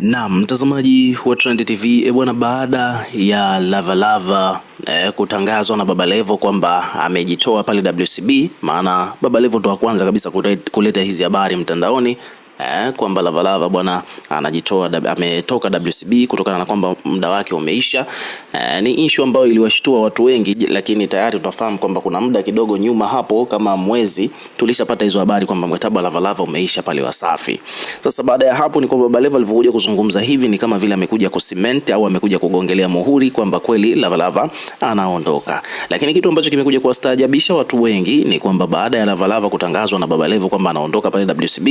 Na mtazamaji wa Trend TV e eh, bwana, baada ya Lavalava e, eh, kutangazwa na Baba Levo kwamba amejitoa pale WCB, maana Baba Levo ndo wa kwanza kabisa kuleta hizi habari mtandaoni eh, kwamba Lavalava bwana anajitoa ametoka WCB kutokana na kwamba muda wake umeisha. Eh, ni issue ambayo iliwashtua watu wengi, lakini tayari tunafahamu kwamba kuna muda kidogo nyuma hapo kama mwezi tulishapata hizo habari kwamba mkataba Lavalava umeisha pale Wasafi. Sasa baada ya hapo ni kwamba Baba Levo alivyokuja kuzungumza hivi ni kama vile amekuja kucement au amekuja kugongelea muhuri kwamba kweli Lavalava anaondoka, lakini kitu ambacho kimekuja kuwastaajabisha watu wengi ni kwamba baada ya Lavalava kutangazwa na Baba Levo kwamba anaondoka pale WCB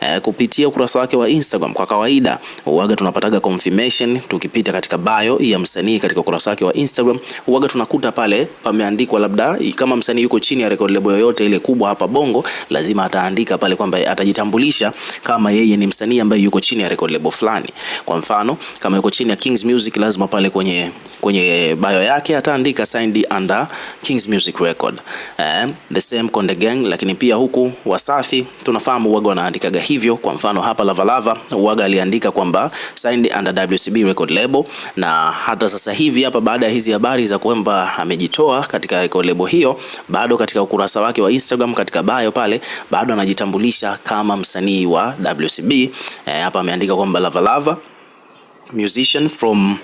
eh, kupitia ukurasa wake wa Instagram. Kwa kawaida huaga tunapataga confirmation tukipita katika bio ya msanii katika ukurasa wake wa Instagram, huaga tunakuta pale pameandikwa, labda kama msanii yuko chini ya record label yoyote ile kubwa hapa Bongo, lazima ataandika pale kwamba atajitambulisha kama yeye ni msanii ambaye yuko chini ya record label fulani. Kwa mfano kama yuko chini ya Kings Music, lazima pale kwenye kwenye bio yake ataandika signed under Kings Music Record. Eh, the same Konde Gang, lakini pia huku Wasafi tunafahamu waga wanaandikaga hivyo kwa mfano hapa Lavalava uaga aliandika kwamba signed under WCB record label, na hata sasa hivi hapa baada ya hizi habari za kwamba amejitoa katika record label hiyo, bado katika ukurasa wake wa Instagram katika bio pale bado anajitambulisha kama msanii wa WCB. E, eh, hapa ameandika kwamba Lavalava musician from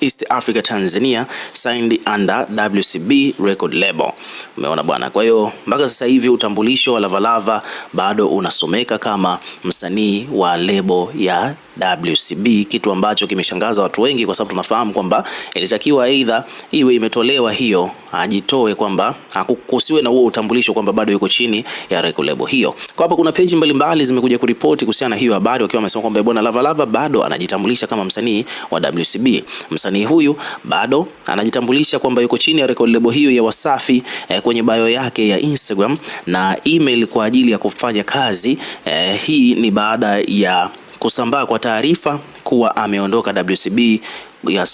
East Africa Tanzania signed under WCB record label. Umeona bwana, kwa hiyo mpaka sasa hivi utambulisho wa Lavalava bado unasomeka kama msanii wa lebo ya WCB, kitu ambacho kimeshangaza watu wengi, kwa sababu tunafahamu kwamba ilitakiwa aidha iwe imetolewa hiyo, ajitoe kwamba hakukusiwe na huo utambulisho kwamba bado yuko chini ya record label hiyo. Kwa hapa kuna peji mbalimbali zimekuja kuripoti kuhusiana na hiyo habari, wakiwa wamesema kwamba bwana Lava bado anajitambulisha kama msanii wa WCB. Msanii huyu bado anajitambulisha kwamba yuko chini ya record label hiyo ya Wasafi eh, kwenye bio yake ya Instagram na email kwa ajili ya kufanya kazi eh, hii ni baada ya kusambaa kwa taarifa kuwa ameondoka WCB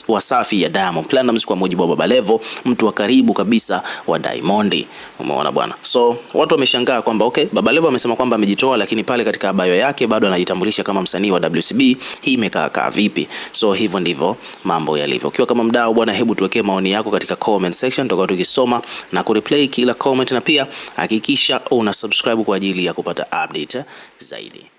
Wasafi ya Diamond Platinumz kwa mujibu wa Baba Levo, mtu wa karibu kabisa wa Diamond. Umeona bwana, so watu wameshangaa kwamba okay, Baba Levo amesema kwamba amejitoa, lakini pale katika bio yake bado anajitambulisha kama msanii wa WCB. Hii imekaa kaa vipi? So hivyo ndivyo mambo yalivyo. Ukiwa kama mdau bwana, hebu tuwekee maoni yako katika comment section, tutakuwa tukisoma na kureplay kila comment, na pia hakikisha una subscribe kwa ajili ya kupata update zaidi.